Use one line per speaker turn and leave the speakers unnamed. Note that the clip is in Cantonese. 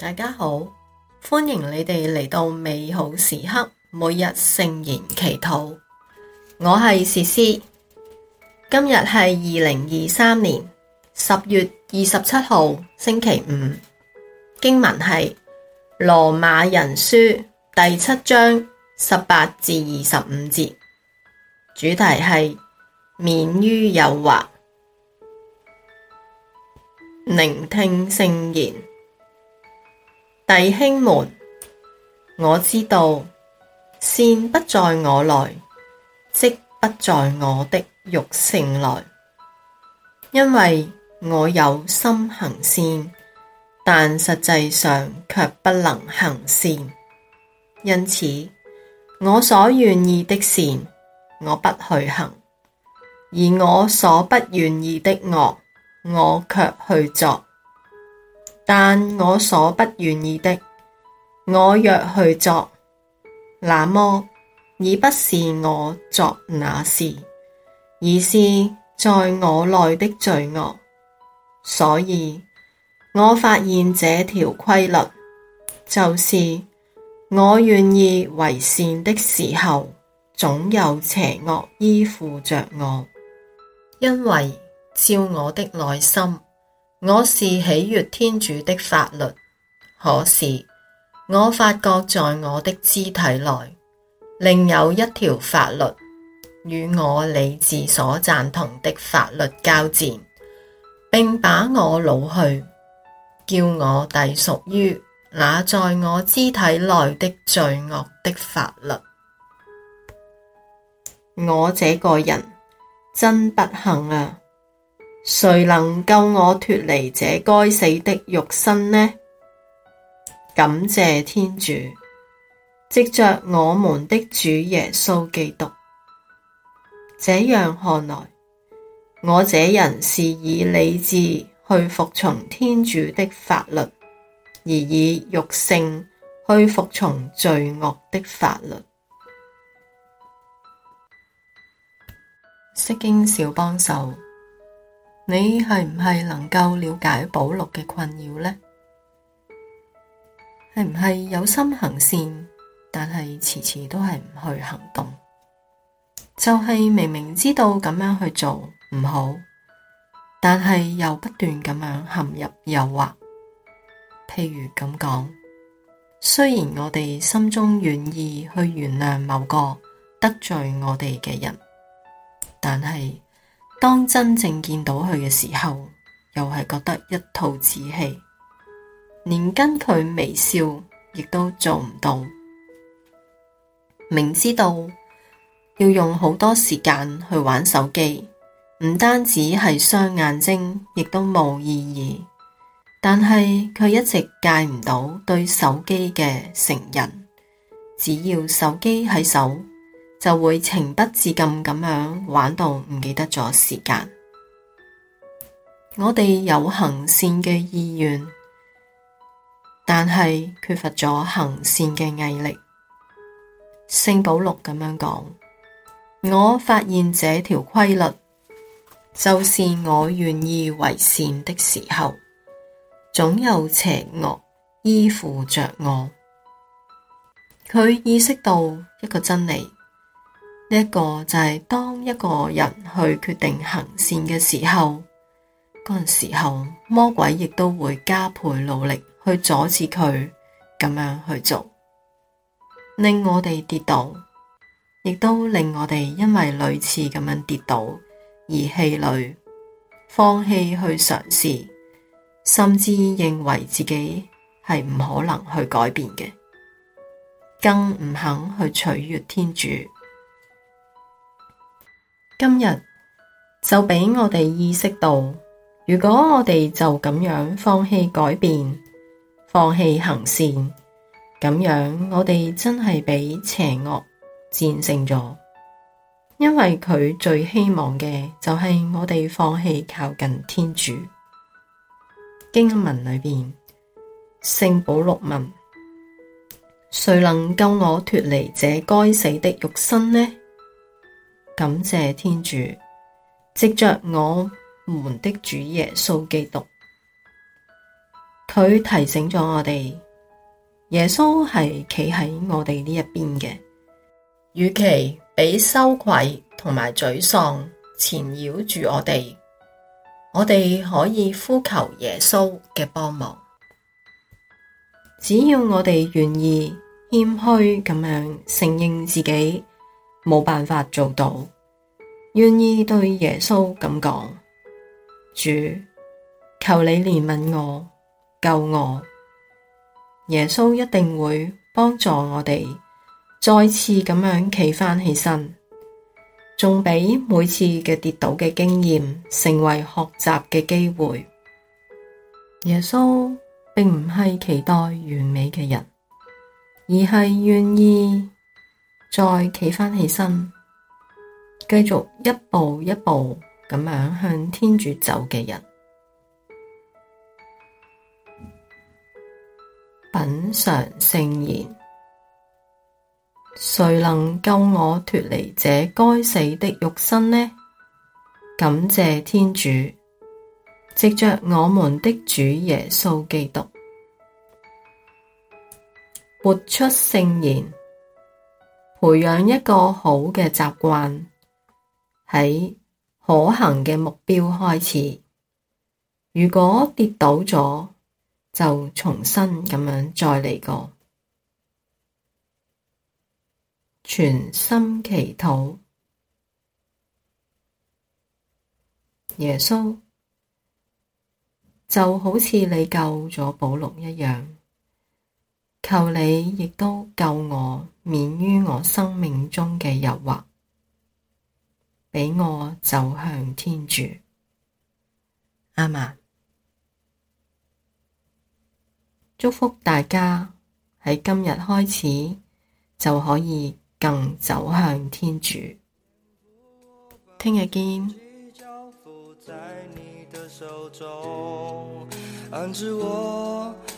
大家好，歡迎你哋嚟到美好時刻每日聖言祈禱，我係詩詩。今日係二零二三年十月二十七號星期五，經文係《羅馬人書》第七章十八至二十五節，主題係免於誘惑，聆聽聖言。弟兄們，我知道善不在我內，即不在我的肉性內，因為我有心行善，但實際上却不能行善，因此我所願意的善，我不去行，而我所不願意的惡我，我却去作。但我所不願意的，我若去作，那麼已不是我作那事，而是在我內的罪惡。所以我發現這條規律，就是我願意為善的時候，總有邪惡依附着我，因為照我的內心，我是喜悅天主的法律，可是我發覺在我的肢體內，另有一條法律與我理智所贊同的法律交戰，並把我擄去，叫我隸屬於那在我肢體內的罪惡的法律。我這個人真不幸啊！誰能救我脫離這該死的肉身呢？感謝天主，藉着我們的主耶穌基督。這樣看來，我這人是以理智去服從天主的法律，而以肉性去服從罪惡的法律。釋經小幫手。你係唔係能夠了解保祿嘅困擾呢？係唔係有心行善，但係遲遲都係唔去行動？就係、是、明明知道咁樣去做唔好，但係又不斷咁樣陷入誘惑。譬如咁講，雖然我哋心中願意去原諒某個得罪我哋嘅人，但係，當真正見到佢嘅時候，又係覺得一肚子氣，連跟佢微笑亦都做唔到。明知道要用好多時間去玩手機，唔單止係傷眼睛，亦都冇意義，但係佢一直戒唔到對手機嘅成癮，只要手機喺手。就會情不自禁咁樣玩到唔記得咗時間。我哋有行善嘅意願，但係缺乏咗行善嘅毅力。聖保禄咁樣講：「我發現這條規律，就是我願意為善的時候，總有邪惡依附着我。」佢意識到一個真理。呢一個就係當一個人去決定行善嘅時候，嗰陣時候魔鬼亦都會加倍努力去阻止佢咁樣去做，令我哋跌倒，亦都令我哋因為屢次咁樣跌倒而氣餒，放棄去嘗試，甚至認為自己係唔可能去改變嘅，更唔肯去取悅天主。今日就畀我哋意識到，如果我哋就咁樣放棄改變、放棄行善，咁樣我哋真係俾邪惡戰勝咗，因為佢最希望嘅就係我哋放棄靠近天主。經文裏邊，聖保祿問，誰能救我脱離這該死的肉身呢？感謝天主，藉着我們的主耶穌基督，佢提醒咗我哋，耶穌係企喺我哋呢一邊嘅。與其俾羞愧同埋沮喪纏繞住我哋，我哋可以呼求耶穌嘅幫忙。只要我哋願意謙虛咁樣承認自己。冇辦法做到，願意對耶穌咁講：主，求你憐憫我，救我。耶穌一定會幫助我哋再次咁樣企翻起身，仲畀每次嘅跌倒嘅經驗成為學習嘅機會。耶穌並唔係期待完美嘅人，而係願意。再企翻起身，繼續一步一步咁樣向天主走嘅人。品嘗聖言，誰能救我脫離這該死的肉身呢？感謝天主，藉着我們的主耶穌基督。活出聖言。培養一個好嘅習慣，喺可行嘅目標開始。如果跌倒咗，就重新咁樣再嚟過。全心祈禱，耶穌就好似你救咗保祿一樣。求你亦都救我免於我生命中嘅誘惑，畀我走向天主。阿們，祝福大家喺今日開始就可以更走向天主。聽日見。